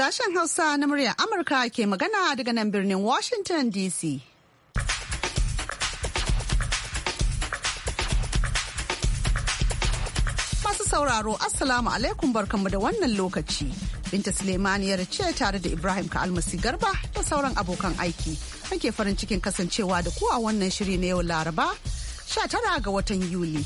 Sashen Hausa na muryar Amurka ke magana daga nan birnin Washington DC. Masu sauraro, Assalamu alaikum barkanmu da wannan lokaci. Binta Suleimaniyar ce tare da Ibrahim almasi Garba da sauran abokan aiki. Ake farin cikin kasancewa da ku a wannan shiri na yau Laraba, 19 ga watan Yuli.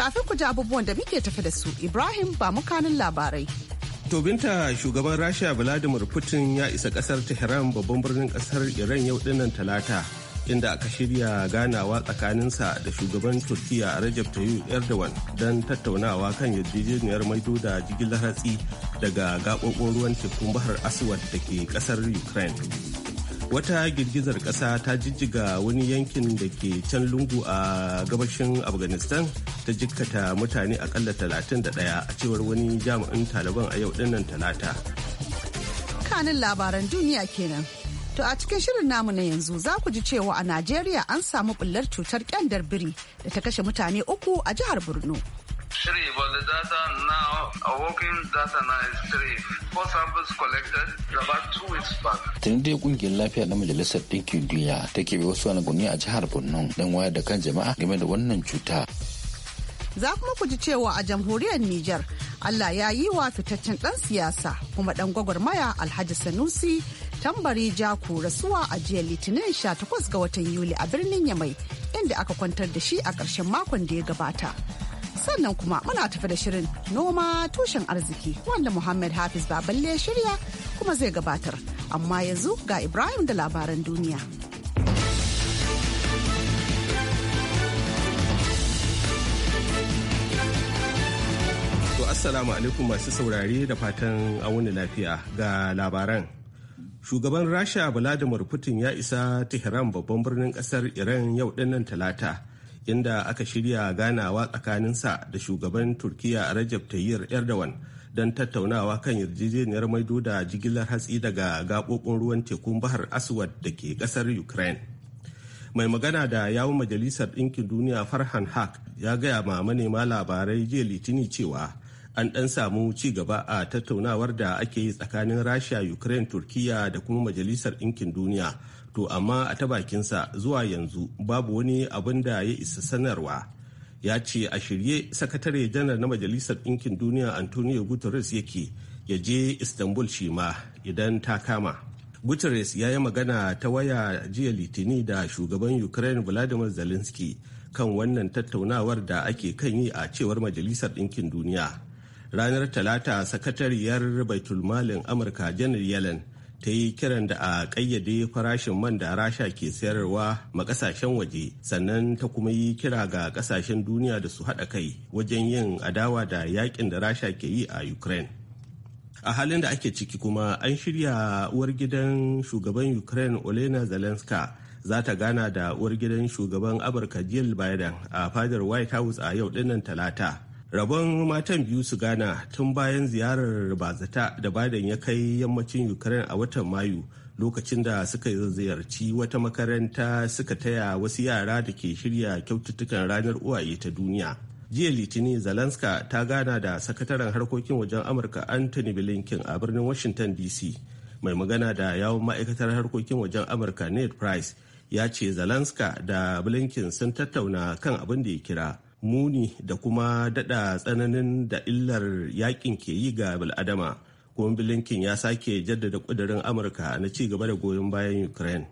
Kafin ku ja abubuwan da muke tafi da su, Ibrahim ba mukanin labarai. To binta shugaban Rasha Vladimir Putin ya isa kasar Tehran babban birnin kasar Iran yau dinnan talata inda aka shirya ganawa tsakaninsa da shugaban Turkiya Recep Tayyip Erdogan don tattaunawa kan yarjejeniyar maido da jigilar hatsi daga gaɓoɓin ruwan tekun bahar Aswad da ke kasar Ukraine. wata girgizar ƙasa ta jijjiga wani yankin da ke can lungu a gabashin afghanistan ta jikkata mutane akalla 31 a cewar wani jami'in taliban a yau dinnan talata kanin labaran duniya kenan To a cikin shirin namu na yanzu za ku ji cewa a Najeriya an samu bullar cutar kyandar biri da ta kashe mutane uku a jihar Borno. but the data now, working data now is Tun dai kungiyar lafiya na majalisar ɗinkin duniya ta ke wasu wani a jihar Borno don wayar da kan jama'a game da wannan cuta. Za kuma ku ji cewa a jamhuriyar Nijar Allah ya yi wa fitaccen ɗan siyasa kuma ɗan gwagwarmaya Alhaji Sanusi tambari jaku rasuwa a jiya litinin 18 ga watan Yuli a birnin Yamai inda aka kwantar da shi a ƙarshen makon da ya gabata. sannan kuma muna tafi da shirin noma tushen arziki wanda Muhammad Hafiz Baballe shirya kuma zai gabatar. Amma yanzu ga Ibrahim da labaran duniya. To Assalamu alaikum masu saurare da fatan wani lafiya ga labaran. Shugaban Rasha Vladimir Putin ya isa Tehran babban birnin kasar Iran yau dinnan talata. inda aka shirya ganawa tsakaninsa da shugaban turkiya rajab tayyar erdogan don tattaunawa kan yarjejeniyar maido da jigilar hatsi daga gaɓoɓin ruwan tekun bahar aswad da ke ƙasar ukraine mai magana da yawun majalisar ɗinkin duniya farhan haq ya gaya ma manema labarai jiya litini cewa an ɗan samu ci gaba a tattaunawar da ake yi tsakanin rasha ukraine turkiya da kuma majalisar ɗinkin duniya to amma a ta bakinsa zuwa yanzu babu wani abin da ya isa sanarwa ya ce a shirye sakatare janar na majalisar ɗinkin duniya antonio guterres yake ya je istanbul shi ma idan ta kama guterres ya yi magana ta waya jiya litini da shugaban ukraine vladimir zelensky kan wannan tattaunawar da ake kan yi a cewar majalisar ɗinkin duniya ranar talata sakatariyar baitulmalin amurka janar yellen ta yi kiran da a ƙayyade farashin man da rasha ke sayarwa ma ƙasashen waje sannan ta kuma yi kira ga ƙasashen duniya da su haɗa kai wajen yin adawa da yakin da rasha ke yi a ukraine a halin da ake ciki kuma an shirya uwar gidan shugaban ukraine olena zelenska za ta gana da uwar gidan shugaban amurka jill biden a fadar white house a yau dinnan talata rabon matan biyu su gana tun bayan ziyarar bazata da biden ya kai yammacin ukraine a watan mayu lokacin da suka ziyarci wata makaranta suka taya wasu yara da ke shirya kyaututtukan ranar uwaye ta duniya jiya litinin zelenska ta gana da sakataren harkokin wajen amurka anthony blinken a birnin washington dc mai magana da yawon ma'aikatar harkokin wajen amurka ned price ya ce zelenska da blinken sun tattauna kan abin da ya kira muni da kuma dada tsananin da illar yakin ke yi ga bil'adama kuma bilinkin ya sake jaddada kudirin amurka na ci gaba da goyon bayan ukraine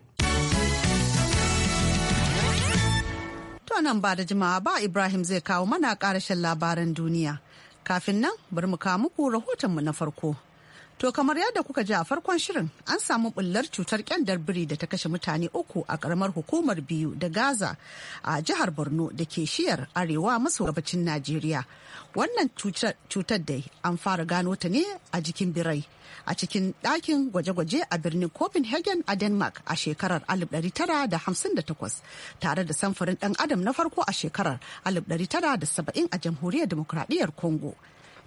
To nan ba da jima'a ba ibrahim zai kawo mana shan labaran duniya kafin nan bari mu kawo muku rahotonmu na farko To kamar yadda kuka ji a farkon shirin an samu bullar cutar kyandar biri da ta kashe mutane uku a karamar hukumar biyu da Gaza a jihar Borno da ke shiyar arewa maso gabacin Najeriya. Wannan cutar dai an fara gano ta ne a jikin birai a cikin ɗakin gwaje-gwaje a birnin Copenhagen a Denmark a shekarar 1958 tare da samfurin ɗan adam na farko a shekarar 1970 a jamhuriyar Kongo. Congo.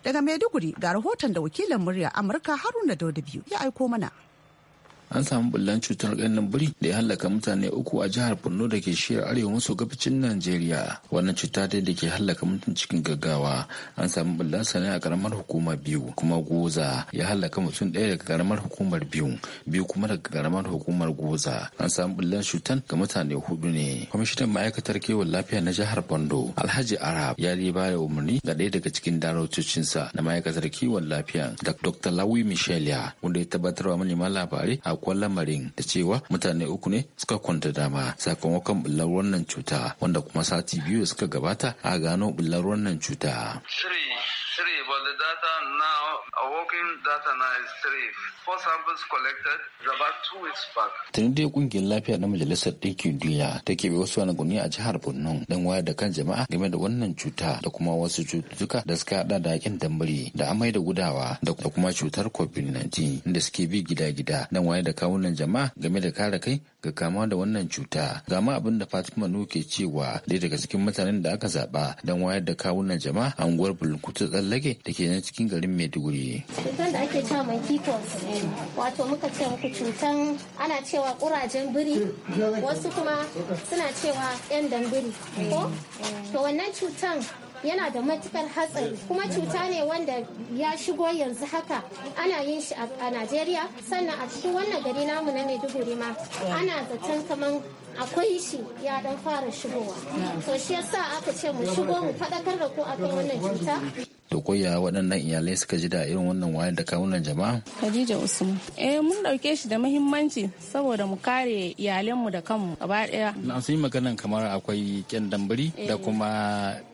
Daga Maiduguri ga rahoton da wakilin murya Amurka Haruna biyu ya aiko mana. an samu bullan cutar ganin biri da ya hallaka mutane uku a jihar borno da ke shiyar arewa maso gabacin najeriya wannan cuta dai da ke hallaka mutum cikin gaggawa an samu bullan sa ne a karamar hukuma biyu kuma goza ya hallaka mutum ɗaya daga karamar hukumar biyu biyu kuma daga karamar hukumar goza an samu bullan cutan ga mutane hudu ne kwamishinan ma'aikatar kiwon lafiya na jihar borno alhaji arab ya yi ba da umarni ga ɗaya daga cikin darotocinsa na ma'aikatar kiwon lafiya da dr lawi michelia wanda ya tabbatar wa manema labarai a sakon lamarin da cewa mutane uku ne suka kwanta dama sakamakon bullar wannan cuta wanda kuma sati biyu suka gabata a gano bullar wannan cuta. three, but the data now, working data now is three. Four samples collected about two weeks back. kungiyar lafiya na Majalisar Ɗinkin Duniya ta keɓe wasu gwani a jihar Borno don wayar da kan jama'a game da wannan cuta da kuma wasu cututtuka da suka hada da yakin tambari da amai da gudawa da kuma cutar COVID-19 inda suke bi gida-gida don wayar da kawunan jama'a game da kare kai ga kama da wannan cuta. Ga ma abin da Fatima Nuke ke cewa dai daga cikin mutanen da aka zaba don wayar da kawunan jama'a a unguwar Bulkutu Lage da ke nan cikin garin maiduguri cutar da ake cewa monkeypox wato muka ce muku cutan ana cewa kurajen biri wasu kuma suna cewa yan dambiri ko to wannan cutan yana da matukar hatsari kuma cuta ne wanda ya shigo yanzu haka ana yin shi a najeriya sannan a cikin wannan gari namu na maiduguri ma ana zaton kaman akwai shi ya dan fara shigowa to shi yasa aka ce mu shigo mu faɗakar da ko akan wannan cuta da koya waɗannan iyalai suka ji da irin wannan wayar da kawunan jama'a Khadija Usman eh mun dauke shi da muhimmanci saboda mu kare iyalanmu da kanmu gaba daya na sun yi maganan kamar akwai kyan dambari da eh. kuma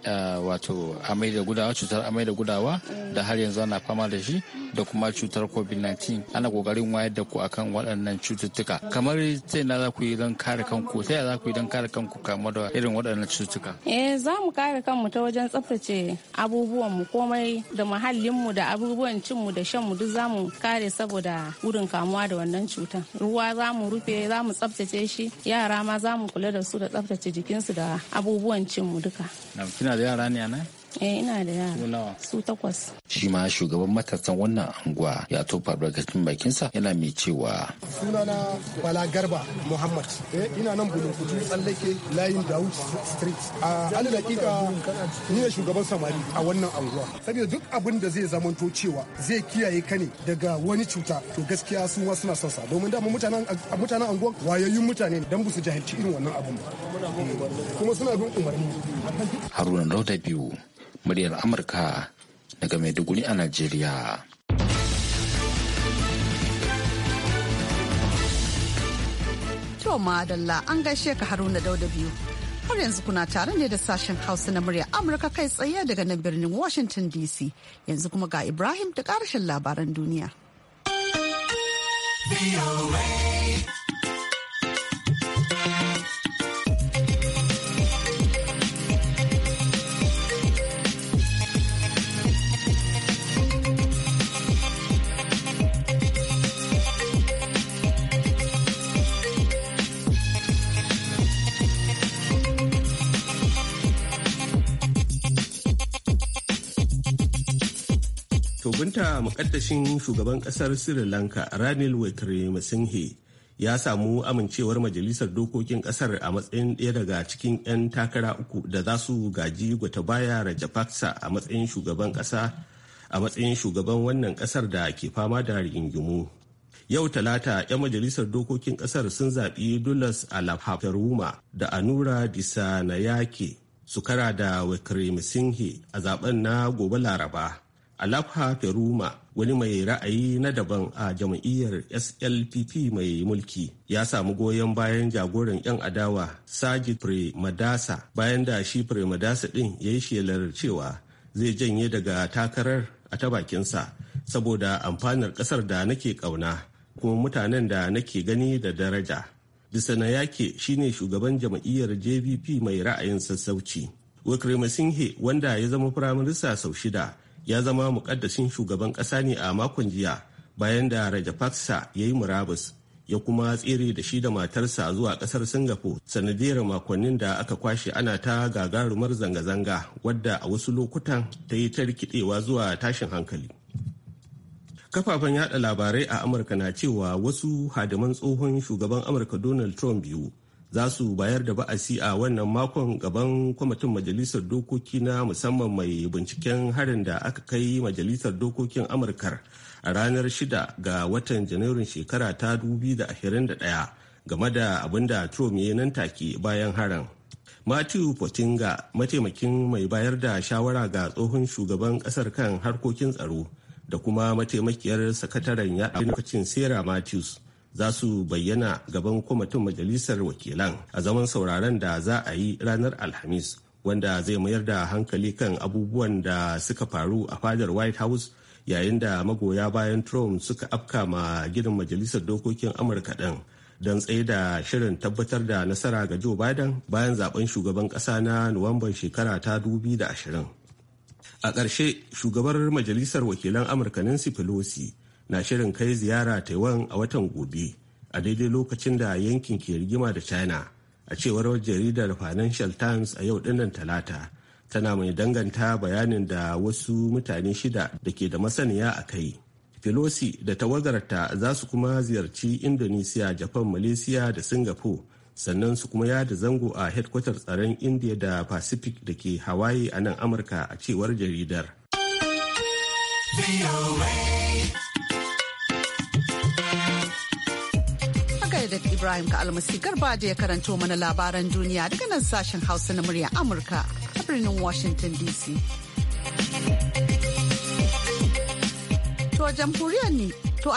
eh, wato amai da gudawa cutar amai da gudawa eh. da har yanzu ana fama da shi da kuma cutar COVID-19 ana kokarin wayar da ku akan waɗannan cututtuka kamar sai na za ku yi don kare kanku sai za ku yi don kare kanku kamar da irin waɗannan cututtuka eh za mu kare kanmu ta wajen tsaftace abubuwan mu ko komai da muhallinmu da abubuwan cinmu da shanmu duk za mu kare saboda gudun kamuwa da wannan cutan ruwa za mu rufe za mu tsaftace shi yara ma za mu kula da su da tsaftace jikinsu da abubuwan cinmu duka kina da yara ne a eh ina da yara su takwas shi ma shugaban matasan wannan anguwa ya tofa albarkacin bakinsa yana mai cewa sunana bala garba muhammad eh ina nan bulunkutu tsallake layin dawud street a alin dakika ni ne shugaban samari a wannan anguwa saboda duk abin da zai zamanto cewa zai kiyaye kane daga wani cuta to gaskiya su ma suna son sa domin dama mutanen mutanen anguwa wayayyun mutane dan bu jahilci irin wannan abin eh, kuma suna bin umarni haruna lauda biyu muryar Amurka daga Maiduguri a Najeriya. To madalla an gaishe ka Haruna Dauda biyu. Har yanzu kuna tare ne da sashen Hausa na muryar Amurka kai tsaye daga nan birnin Washington DC. Yanzu kuma ga Ibrahim da karshen labaran duniya. gunta mukaddashin shugaban kasar sri lanka ranil wickremesinghe ya samu amincewar majalisar dokokin kasar a matsayin ɗaya daga cikin 'yan takara uku da za su gaji Gotabaya Rajapaksa a matsayin shugaban ƙasa a matsayin shugaban wannan kasar da ke fama da rigingimu. Yau Talata 'yan majalisar dokokin kasar sun zaɓi Dulas Alapharuma da Anura Disanayake su kara da Wickremesinghe a zaben na gobe Laraba. Alapha Feruma wani mai ra'ayi na daban a jam'iyyar SLPP mai mulki ya samu goyon bayan jagoran 'yan adawa Saji Premadasa bayan da shi Premadasa ɗin ya yi shelar cewa zai janye daga takarar a ta bakinsa saboda amfanar ƙasar da nake ƙauna kuma mutanen da nake gani da daraja. na yake shine shugaban jam'iyyar JVP mai ra'ayin sassauci. Wikremasinghe wanda ya zama firaminista sau shida ya zama muƙaddasin shugaban ƙasa ne a makon jiya bayan da Rajapaksa ya yi murabus ya kuma tsere da shi da matarsa zuwa ƙasar Singapore sanadiyar makonnin da aka kwashe ana ta gagarumar zanga-zanga wadda a wasu lokutan ta yi ta zuwa tashin hankali. Kafafen yada labarai a Amurka na cewa wasu hadiman tsohon shugaban Amurka Donald Trump biyu za su bayar da ba'asi a wannan makon gaban kwamitin majalisar dokoki na musamman mai binciken harin da aka kai majalisar dokokin amurka a ranar 6 ga watan janairun shekara ta 2021 game da abin da trump ya nan take bayan harin matthew potinga mataimakin mai bayar da shawara ga tsohon shugaban kasar kan harkokin tsaro da kuma mataimakiyar sakataren yada lokacin sarah matthews za su bayyana gaban kwamitin majalisar wakilan a zaman sauraron da za a yi ranar alhamis wanda zai mayar da hankali kan abubuwan da suka faru a fadar white house yayin da magoya bayan trump suka afka ma gidan majalisar dokokin amurka ɗin don tsaye da shirin tabbatar da nasara ga joe biden bayan zaben shugaban ƙasa na nuwamban shekara ta dubi da ashirin. a ƙarshe shugabar majalisar wakilan amurka nancy pelosi na shirin kai ziyara taiwan a watan gobe a daidai lokacin da yankin ke rigima da china a cewar jaridar financial times a yau dinnan talata tana mai danganta bayanin da wasu mutane shida da ke da masaniya a kai pelosi da tawagarta za su kuma ziyarci indonesia japan malaysia da singapore sannan su kuma yada zango a hedkwatar tsaron india da pacific da ke hawaii a nan amurka a cewar jaridar. Mahmud Ibrahim ka almasi garba da ya karanto mana labaran duniya daga nan sashen Hausa na murya Amurka a birnin Washington DC. To a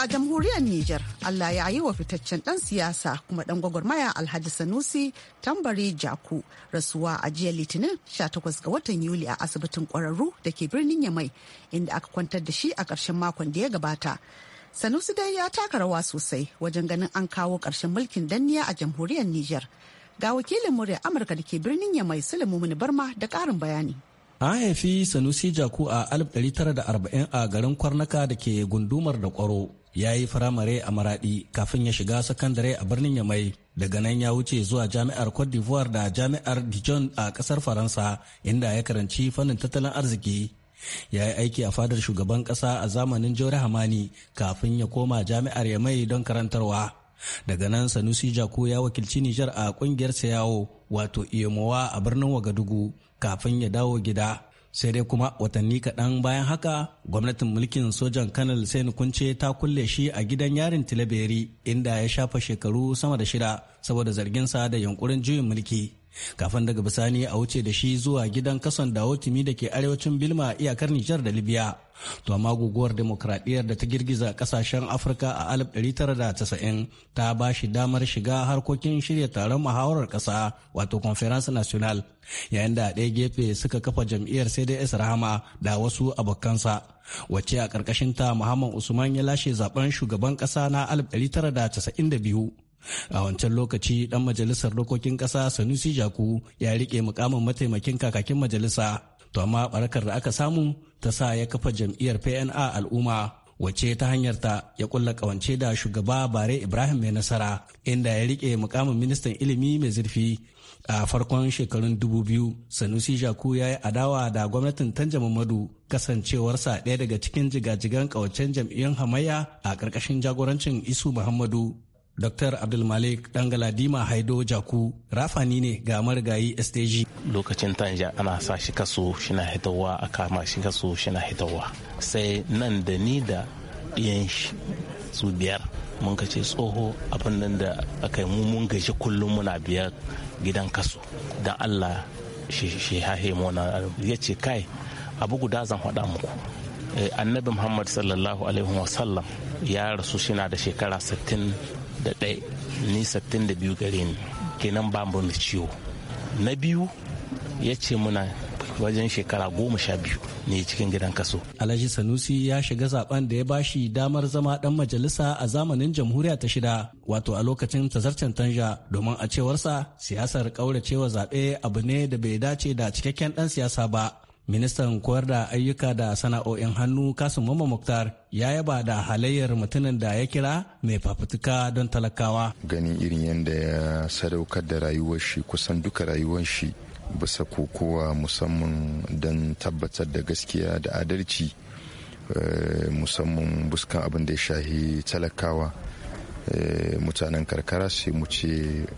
jamhuriyar Nijar Allah ya yi wa fitaccen ɗan siyasa kuma ɗan gwagwarmaya Alhaji Sanusi tambari Jaku rasuwa a jiya Litinin 18 ga watan Yuli a asibitin ƙwararru da ke birnin Yamai inda aka kwantar da shi a ƙarshen makon da ya gabata. Sanusi dai ya taka rawa sosai wajen ganin an kawo ƙarshen mulkin danniya a jamhuriyar Nijar. Ga wakilin murya Amurka da ke birnin Yamai Sulemu Barma da ƙarin bayani. An haifi Sanusi Jaku a 1940 a garin Kwarnaka da ke gundumar da kwaro. Ya yi firamare a maraɗi kafin ya shiga sakandare a birnin Yamai. Daga nan ya wuce zuwa jami'ar Cote d'Ivoire da jami'ar Dijon a ƙasar Faransa inda ya karanci fannin tattalin arziki. ya yi aiki a fadar shugaban ƙasa a zamanin jauri hamani kafin ya koma jami'ar mai don karantarwa daga nan sanusi jako ya wakilci nijar a kungiyar sayawo wato iyamowa a birnin wagadugu kafin ya dawo gida sai dai kuma watanni kaɗan bayan haka gwamnatin mulkin sojan kanal sai kunce ta kulle shi a gidan yarin tilaberi inda ya shafa shekaru sama da shida saboda zarginsa da yunkurin juyin mulki kafin daga bisani a wuce da shi zuwa gidan kason timi da ke arewacin bilma a iyakar nijar da libya to amma guguwar demokradiyyar da ta girgiza kasashen afirka a 1990 ta ba shi damar shiga harkokin shirya taron muhawarar kasa wato conference national yayin da ɗaya gefe suka kafa jam'iyyar CDS dai rahama da wasu abokansa wacce a ta muhammad usman ya lashe zaben shugaban ƙasa na 1992 a wancan lokaci dan majalisar dokokin kasa sanusi jaku ya rike mukamin mataimakin kakakin majalisa to amma barakar da aka samu ta sa ya kafa jam'iyyar pna al'umma wace ta hanyarta ya kulla kawance da shugaba bare ibrahim mai nasara inda ya rike mukamin ministan ilimi mai zurfi a farkon shekarun dubu biyu sanusi jaku ya yi adawa da gwamnatin tanja mamadu kasancewarsa ɗaya daga cikin jigajigan kawancen jam'iyyun hamayya a ƙarƙashin jagorancin isu muhammadu Dr. Abdulmalik Dima Haido Jaku rafani ne ga marigayi STG. Lokacin tanja ana sa shi kaso shina hitowa a kama shi kaso shina hitowa. Sai nan da ni da ɗiyan shi su biyar mun ka ce tsoho abin nan da aka yi mun gaji kullum muna biyar gidan kaso don Allah shi hahe mona ya ce kai abu guda zan faɗa muku eh, annabi muhammad sallallahu alaihi wasallam ya rasu shina da shekara da ɗaya ni sattin da biyu gare ni kenan ba mu da ciwo na biyu ya ce muna wajen shekara goma sha biyu ne cikin gidan kaso. Alhaji Sanusi ya shiga zaben da ya ba shi damar zama dan majalisa a zamanin jamhuriya ta shida wato a lokacin tazarcen tanja domin a cewarsa siyasar kauracewa zaɓe abu ne da bai dace da cikakken dan siyasa ba. ministan koyar da ayyuka da sana'o'in hannu kasim mama muktar ya yaba da halayyar mutumin da ya kira mai fafutuka don talakawa ganin irin yadda ya sadaukar da rayuwar shi kusan duka rayuwar shi bisa kokowa musamman don tabbatar da gaskiya da adalci eh, musamman buskan abin da ya shahi talakawa eh, mutanen karkara sai mu ce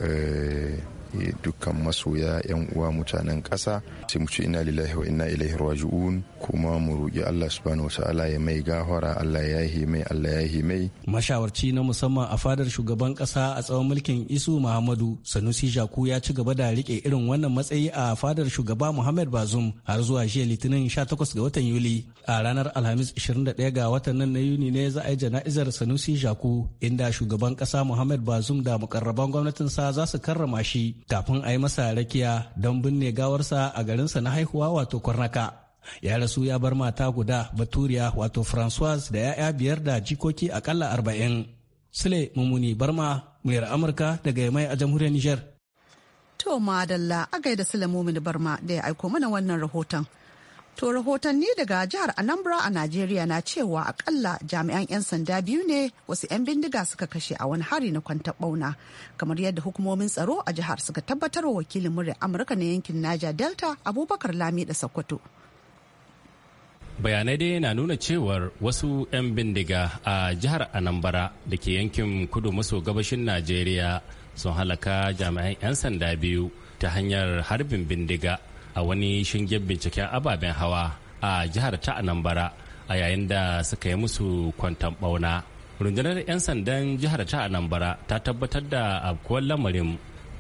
eh, Eh, dukkan masoya yan uwa mutanen ƙasa sai mu ce ina lillahi wa inna ilaihi raji'un kuma mu roƙi Allah subhanahu ta'ala ya mai gafara Allah ya yi mai Allah ya yi mai mashawarci na musamman a fadar shugaban ƙasa a tsawon mulkin Isu Muhammadu Sanusi Jaku ya ci gaba da rike irin wannan matsayi a fadar shugaba Muhammad Bazum har zuwa jiya Litinin 18 ga watan Yuli a ranar Alhamis 21 ga watan nan na Yuni ne za a yi jana'izar Sanusi Jaku inda shugaban ƙasa Muhammad Bazum da mukarraban sa za su karrama shi kafin a yi masa rakiya don binne gawarsa a garinsa na haihuwa wato Kwarnaka. Ya rasu ya bar mata guda Baturiya wato Francois da 'ya'ya biyar da jikoki akalla arba'in. Sule Mumuni Barma, muyar Amurka daga Yamai a jamhuriyar Nijar. To madalla a gaida Sule Mumuni Barma da ya aiko mana wannan rahoton. To rahotanni daga jihar Anambra a Najeriya na cewa akalla jami'an 'yan sanda biyu ne wasu 'yan bindiga suka kashe a wani hari na kwanta bauna kamar yadda hukumomin tsaro a jihar suka tabbatar wa wakilin murya Amurka na yankin Naja Delta Abubakar Lami da Sokoto. bayanai dai na nuna cewar wasu 'yan bindiga a jihar anambra da ke yankin kudu maso gabashin najeriya sun halaka jami'an 'yan sanda biyu ta hanyar harbin bindiga a wani shingen binciken ababen hawa a jihar ta anambra a yayin da suka yi musu kwantan bauna rundunar 'yan sandan jihar ta anambra ta tabbatar da afkuwar lamarin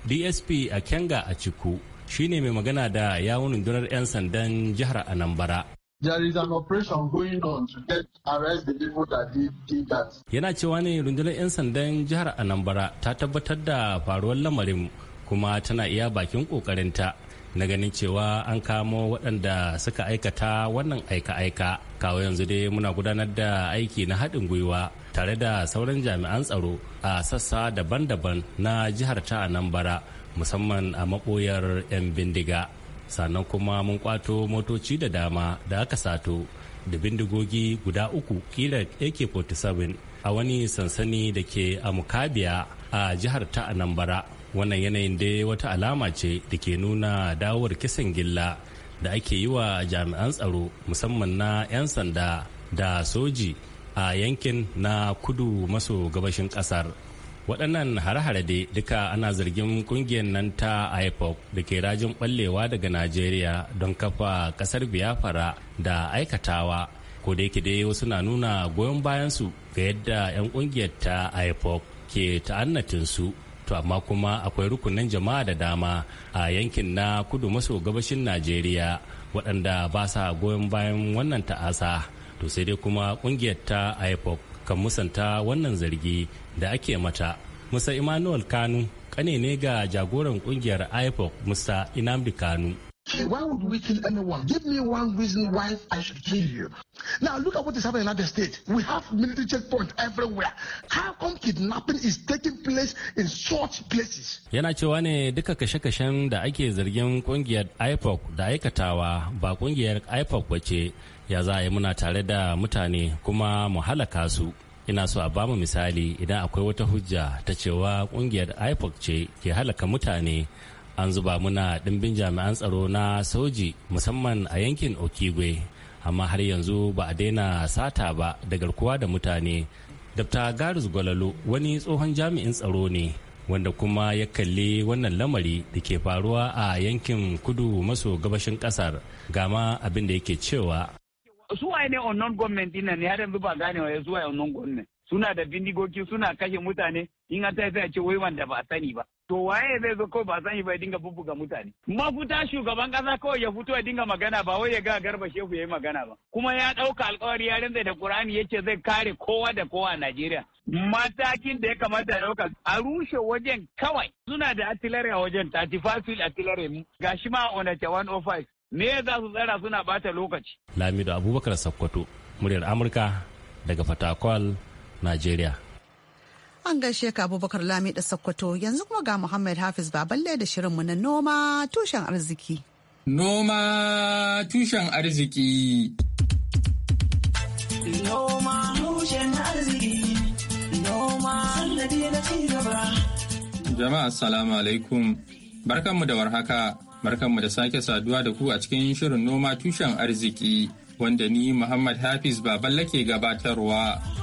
dsp a kenga a ciku shine mai magana da yawun rundunar 'yan sandan jihar anambra Yana cewa ne rundunar 'yan sandan jihar Anambra ta tabbatar da faruwar lamarin kuma tana iya bakin kokarinta na ganin cewa an kamo waɗanda suka aikata wannan aika-aika kawo yanzu dai muna gudanar da aiki na haɗin gwiwa tare da sauran jami'an tsaro a sassa daban-daban na jihar ta anambra musamman a maɓoyar 'yan bindiga sannan kuma mun kwato motoci da dama da aka sato da bindigogi guda uku kila ak-47 a wani sansani da ke a mukabiya a jihar ta anambra wannan yanayin dai wata alama ce da ke nuna dawowar kisan gilla da ake yi wa jami'an tsaro musamman na 'yan sanda da soji a yankin na kudu maso gabashin kasar waɗannan hare-hare dai duka ana zargin ƙungiyar nan ta ipoc da ke rajin ɓallewa daga najeriya don kafa ƙasar biafra da aikatawa ko da yake dai wasu na nuna goyon bayansu ga yadda 'yan kungiyar ta ipoc ke su. to amma kuma akwai rukunin jama'a da dama a yankin na kudu maso gabashin najeriya waɗanda ba sa goyon bayan wannan ta'asa to sai dai kuma ƙungiyar ta ipo kan musanta wannan zargi da ake mata musa emmanuel kanu ƙane ne ga jagoran ƙungiyar ipo musa inamdi kanu Why would we kill anyone? Give me one reason why I should kill you. Now look at what is happening in other states. We have military checkpoints everywhere. How come kidnapping is taking place in such places? Yana cewa ne duka kashe-kashen da ake zargin kungiyar IPOC da aikatawa ba kungiyar IPOC bace ya za a yi muna tare da mutane kuma mu halaka su. ina so a bamu misali idan akwai wata hujja ta cewa kungiyar ipoc ce ke halaka mutane an zuba muna ɗimbin jami'an tsaro na soji musamman a yankin okigwe amma har yanzu ba a daina sata ba da garkuwa da mutane dr garis gwalalo wani tsohon jami'in tsaro ne wanda kuma ya kalli wannan lamari da ke faruwa a yankin kudu maso gabashin kasar gama abin da yake cewa zuwa ne onnon gwamnati dinnan ne yaren ba ganewa ya zuwa onnon gwamnati suna da bindigogi suna kashe mutane in an ta ce wai wanda ba a sani ba to waye zai zo kawai ba zan shi ba ya dinga bubbuga mutane mafuta shugaban kasa kawai ya fito ya dinga magana ba wai ya ga garba shehu ya yi magana ba kuma ya ɗauka alkawari ya rinzai da qur'ani yace zai kare kowa da kowa a najeriya matakin da ya kamata ya ɗauka a rushe wajen kawai suna da artillery a wajen 35 field artillery gashi ma a onace 105 me za su tsara suna bata lokaci lamido abubakar sakkwato muryar amurka daga fatakwal najeriya An gaishe ka Abubakar Lami da Sokoto yanzu kuma ga Muhammad Hafiz Baballe da shirinmu na noma tushen arziki. Noma tushen arziki. Noma tushen arziki. Noma sannadi na cigaba. Jama'a assalamu alaikum. Barkanmu da warhaka. Barkanmu da sake saduwa da ku a cikin shirin noma tushen arziki wanda ni Muhammad Hafiz Baballe ke gabatarwa.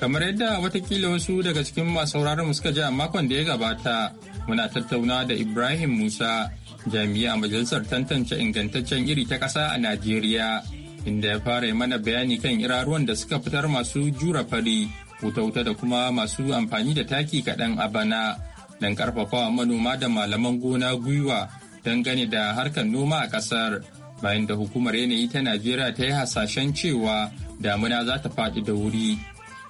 kamar yadda watakila wasu daga cikin masu mu suka ji a makon da ya gabata muna tattauna da ibrahim musa jami'a majalisar tantance ingantaccen iri ta ƙasa a najeriya inda ya fara mana bayani kan iraruwan da suka fitar masu jura fari wuta-wuta da kuma masu amfani da taki kaɗan a bana don ƙarfafawa manoma da malaman gona gwiwa don gane da harkar noma a ƙasar bayan da hukumar yanayi ta najeriya ta yi hasashen cewa damuna za ta faɗi da wuri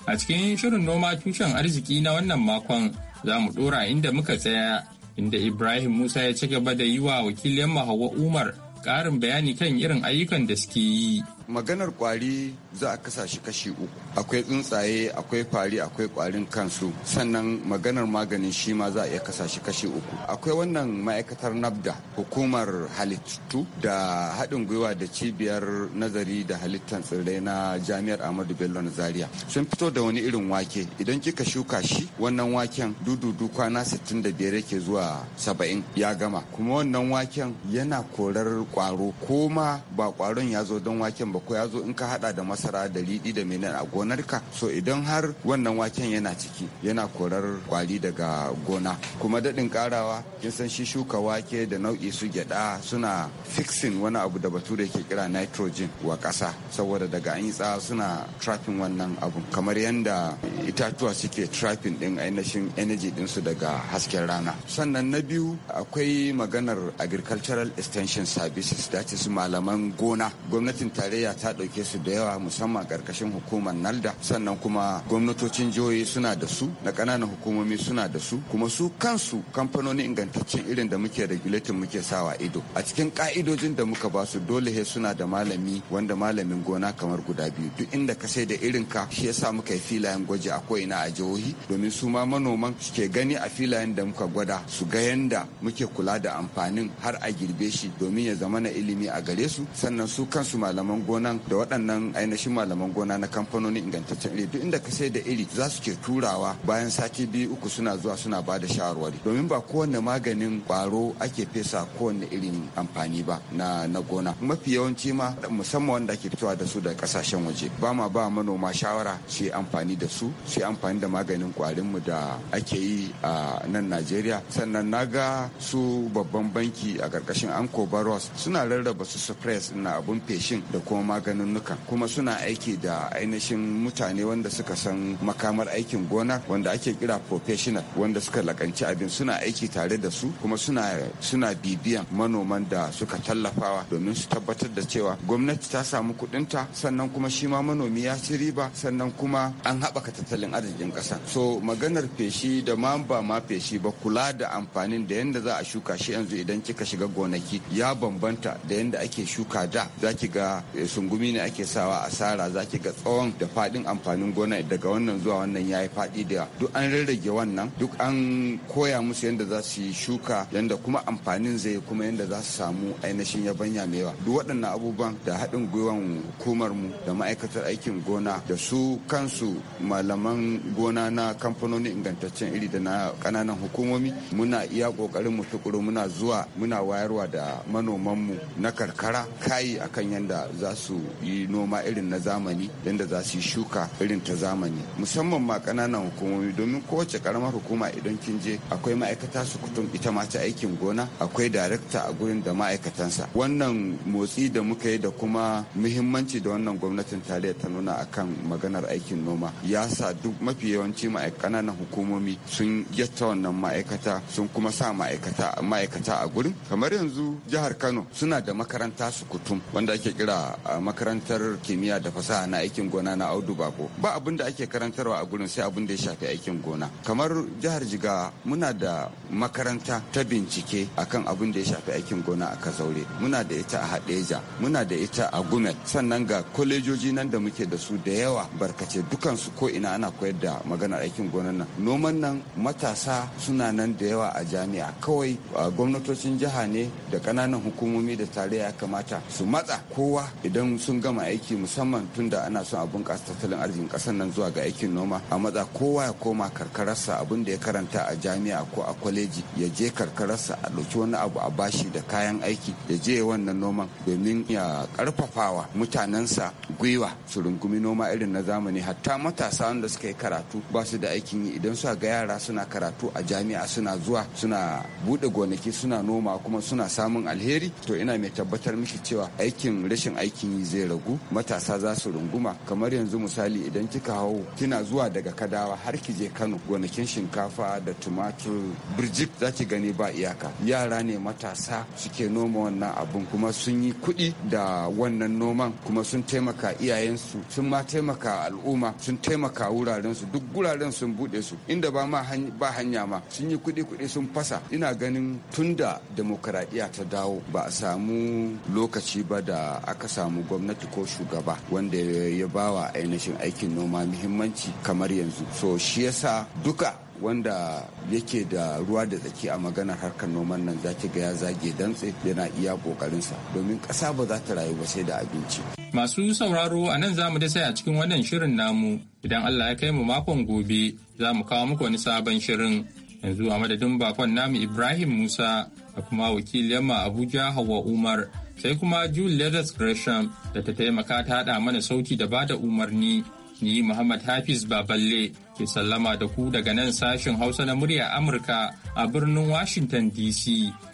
A cikin shirin noma tushen arziki na wannan makon za mu ɗora inda muka tsaya inda Ibrahim Musa ya ci gaba da yi wa wakilin Hauwa Umar ƙarin bayani kan irin ayyukan da suke yi. maganar kwari za a kasa shi kashi uku akwai tsuntsaye akwai fari akwai kwarin kansu sannan maganar maganin shi ma za a iya kasa shi kashi uku akwai wannan ma'aikatar nabda hukumar halittu da haɗin gwiwa da cibiyar nazari da halittar tsirrai na jami'ar ahmadu bello na zaria sun fito da wani irin wake idan kika shuka shi wannan waken dududu kwana sittin da biyar yake zuwa saba'in ya gama kuma wannan waken yana korar kwaro ko ma ba kwaron ya zo don waken ba sakamako ya zo in ka hada da masara da riɗi da menene a gonarka so idan har wannan waken yana ciki yana korar kwali daga gona kuma daɗin karawa kin san shi shuka wake da nau'i su gyaɗa suna fixing wani abu da bature ke kira nitrogen wa ƙasa saboda daga an tsa suna trapping wannan abu kamar yadda itatuwa suke trapping ɗin ainihin energy su daga hasken rana sannan na biyu akwai maganar agricultural extension services da su malaman gona gwamnatin tarayya tarayya ta ɗauke su da yawa musamman karkashin hukumar nalda sannan kuma gwamnatocin jihohi suna da su na kananan hukumomi suna da su kuma su kansu kamfanoni ingantaccen irin da muke regulatin muke sawa ido a cikin ka'idojin da muka ba su dole he suna da malami wanda malamin gona kamar guda biyu duk inda ka sai da irin ka shi yasa muka yi filayen gwaji a ko'ina a jihohi domin su ma manoman suke gani a filayen da muka gwada su ga yanda muke kula da amfanin har a girbe shi domin ya zama na ilimi a gare su sannan su kansu malaman gona gonan da waɗannan ainihin malaman gona na kamfanonin ingantaccen iri duk inda ka sai da iri za su ke turawa bayan sati biyu uku suna zuwa suna ba da shawarwari domin ba kowanne maganin ƙwaro ake fesa kowanne irin amfani ba na, na gona mafi yawanci ma musamman wanda ake fitowa da su da kasashen waje ba ma ba manoma shawara su yi amfani da su su yi amfani da maganin mu da ake yi a nan najeriya sannan na ga su babban banki a ƙarƙashin anko baros suna rarraba su suppress na abun feshin da kuma maganinnukan kuma suna aiki da ainihin mutane wanda suka san makamar aikin gona wanda ake kira professional wanda suka lakanci abin suna aiki tare da su kuma suna suna bibiyan manoman da suka tallafawa domin su tabbatar da cewa gwamnati ta samu kuɗinta sannan kuma shi ma manomi ya ci riba sannan kuma an haɓaka tattalin arzikin ƙasa so maganar feshi da ma ba ma feshi ba kula da amfanin da yanda za a shuka shi yanzu idan kika shiga gonaki ya bambanta da yanda ake shuka da za ki ga sungumi ne ake sawa a sara za ki ga tsawon da faɗin amfanin gona daga wannan zuwa wannan ya yi faɗi da duk an rarrage wannan duk an koya musu yadda za su yi shuka yadda kuma amfanin zai kuma yadda za su samu ainihin yabanya mai yawa duk waɗannan abubuwan da haɗin gwiwan hukumar mu da ma'aikatar aikin gona da su kansu malaman gona na kamfanoni ingantaccen iri da na kananan hukumomi muna iya ƙoƙarin mu tukuru muna zuwa muna wayarwa da manomanmu na karkara kayi akan yadda za su yi noma irin na zamani yadda za su yi shuka irin ta zamani musamman ma kananan hukumomi domin kowace ƙaramar hukuma idan kin je akwai ma'aikata su kutum ita ma ta aikin gona akwai darakta a gurin da ma'aikatansa wannan motsi da muka yi da kuma muhimmanci da wannan gwamnatin tarayya ta nuna akan maganar aikin noma ya sa duk mafi yawanci ƙananan hukumomi sun yatta wannan ma'aikata sun kuma sa ma'aikata ma'aikata a gurin kamar yanzu jihar kano suna da makaranta su kutum wanda ake kira a makarantar kimiyya da fasaha na aikin gona na audu bako ba abin da ake karantarwa a gurin sai abin da ya shafi aikin gona kamar jihar jiga muna da makaranta ta bincike akan abin da ya shafi aikin gona a kazaure muna da ita a hadeja muna da ita a gumel sannan ga kwalejoji nan da muke da su da yawa barkace dukansu ko ina ana koyar da maganar aikin gona nan noman nan matasa suna nan da yawa a jami'a kawai gwamnatocin jiha ne da ƙananan hukumomi da tarayya kamata su matsa kowa idan idan sun gama aiki musamman tunda ana son a bunƙasa tattalin arzikin ƙasar nan zuwa ga aikin noma a matsa kowa ya koma karkararsa abun da ya karanta a jami'a ko a kwaleji ya je karkararsa a ɗauki wani abu a bashi da kayan aiki ya je wannan noman domin ya ƙarfafawa mutanensa gwiwa su rungumi noma irin na zamani hatta matasa wanda suka yi karatu ba su da aikin yi idan suka ga yara suna karatu a jami'a suna zuwa suna buɗe gonaki suna noma kuma suna samun alheri to ina mai tabbatar miki cewa aikin rashin aiki zai ragu matasa za su runguma kamar yanzu misali idan kika hau kina zuwa daga kadawa har ki je kano gonakin shinkafa da tumatur birjik za ki gani ba iyaka yara ne matasa suke noma wannan abun kuma sun yi kuɗi da wannan noman kuma sun taimaka iyayensu sun ma taimaka al'umma sun taimaka wurarensu duk guraren sun buɗe su inda ba ma ba hanya ma sun yi kuɗi kuɗi sun fasa ina ganin tunda demokradiya ta dawo ba a samu lokaci ba da aka samu samu gwamnati ko shugaba wanda ya bawa ainihin aikin noma muhimmanci kamar yanzu so shi yasa duka wanda yake da ruwa da tsaki a maganar harkar noman nan za ga ya zage dantse yana iya kokarinsa domin ƙasa ba za ta rayu ba sai da abinci. Masu sauraro a nan zamu mu dasa a cikin wannan shirin namu idan Allah ya kai mu makon gobe za mu kawo muku wani sabon shirin yanzu a madadin bakon namu Ibrahim Musa da kuma wakiliyar Abuja Hauwa Umar sai kuma Julius Gresham da ta taimaka ta haɗa mana sauti da bada umarni. Ni Muhammad Hafiz Baballe ke sallama da ku daga nan sashen Hausa na murya Amurka a birnin Washington DC.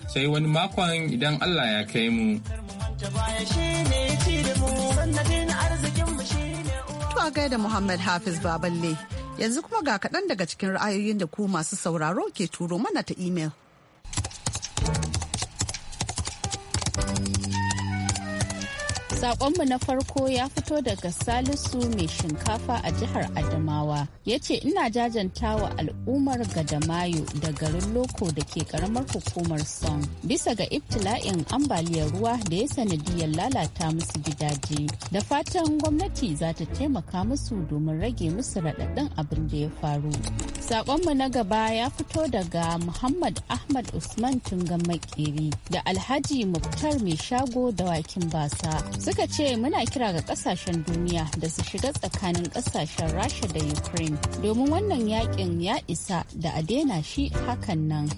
Sai wani makon idan Allah ya kai mu. Tuwa gaida Muhammad Hafiz Baballe. Yanzu kuma ga kaɗan daga cikin ra'ayoyin da ku masu sauraro ke turo mana ta imel. Sakonmu na farko ya fito daga Salisu mai shinkafa a jihar Adamawa. Ya ce ina jajanta wa al'ummar Gadamayo da garin Loko da ke karamar hukumar Son. Bisa ga ibtila'in ambaliyar ruwa da ya sanadiyar lalata musu gidaje. Da fatan gwamnati za ta taimaka musu domin rage musu raɗaɗin abin da ya faru. Sakonmu na gaba ya fito daga Muhammad Ahmad Usman Tungan Makeri da Alhaji Muktar mai shago da wakin basa. suka ce muna kira ga kasashen duniya da su shiga tsakanin kasashen rasha da ukraine domin wannan yakin ya isa da a daina shi hakan nan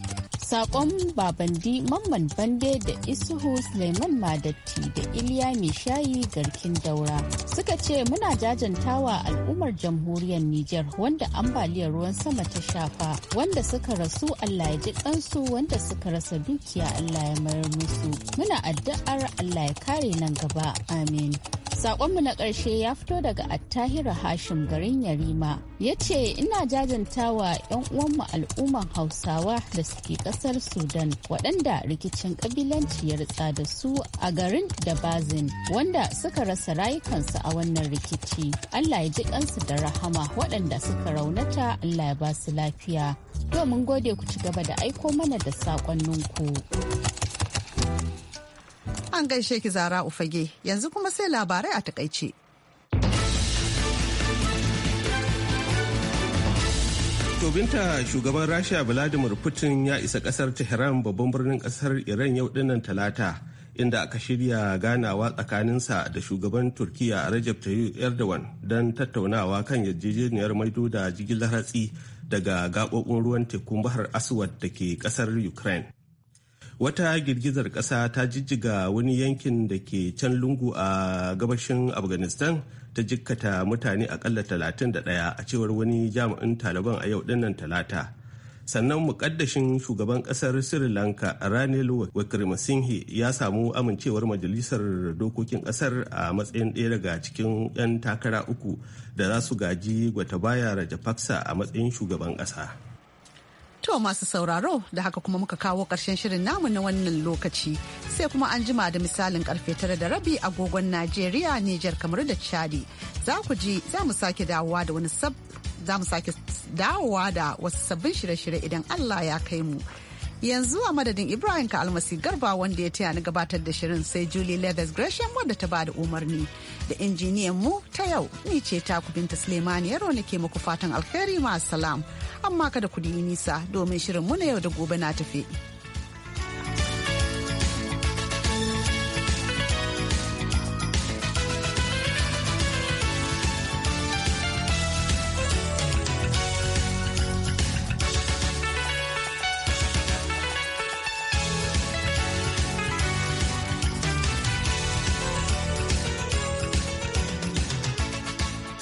Sakon Babandi Mamman Bande da Isuhu Suleiman Madatti da Iliya mai shayi Garkin Daura suka ce muna jajantawa al'ummar jamhuriyar Nijar wanda ambaliyar ruwan sama ta shafa wanda suka rasu Allah ya ji kansu wanda suka rasa dukiya Allah ya mayar musu. Muna addu'ar Allah ya kare nan gaba. Amin. Sakonmu na ƙarshe ya fito daga Attahira Hashim garin Yarima ya ce ina jajantawa 'yan uwanmu al'umman Hausawa da suke kasar sudan waɗanda rikicin kabilanci ya ritsa da su a garin dabazin wanda suka rasa rayukansu a wannan rikici allah ya ji kansu da rahama waɗanda suka raunata allah ya ba su lafiya domin gode ku ci gaba da aiko mana da saƙonninku. an gaishe ki zara ufage yanzu kuma sai labarai a takaice. To shugaban Rasha Vladimir Putin ya isa kasar Tehran babban birnin kasar Iran yau dinnan talata inda aka shirya ganawa tsakaninsa da shugaban Turkiya Recep Tayyip Erdogan don tattaunawa kan yarjejeniyar maido da jigilar hatsi daga gabobin ruwan tekun bahar Aswad da ke kasar Ukraine. wata girgizar ƙasa ta jijjiga wani yankin da ke can lungu a gabashin afghanistan ta jikkata mutane akalla 31 a cewar wani jami'in taliban a yau dinnan talata sannan mukaddashin shugaban kasar sri lanka ranil wickremesinghe ya samu amincewar majalisar dokokin kasar a matsayin ɗaya daga cikin 'yan takara uku da za su gaji gwata baya rajapaksa a matsayin shugaban ƙasa. wa masu sauraro da haka kuma muka kawo karshen shirin namu na wannan lokaci sai kuma an jima da misalin karfe tara da rabi agogon Najeriya, Nijar, kamar da Chadi. Za ku ji za mu sake dawowa da wani sab za mu sake dawowa da wasu sabbin shirye-shirye idan Allah ya kai mu. yanzu a madadin ibrahim ka almasi garba wanda ya taya ni gabatar da shirin sai julie leathers gresham wadda ta bada umarni da injiniyan mu ta yau ni ce ta binta suleimani yaro ke muku fatan alheri ma salam amma kada ku yi nisa domin shirin mu na yau da gobe na tafi.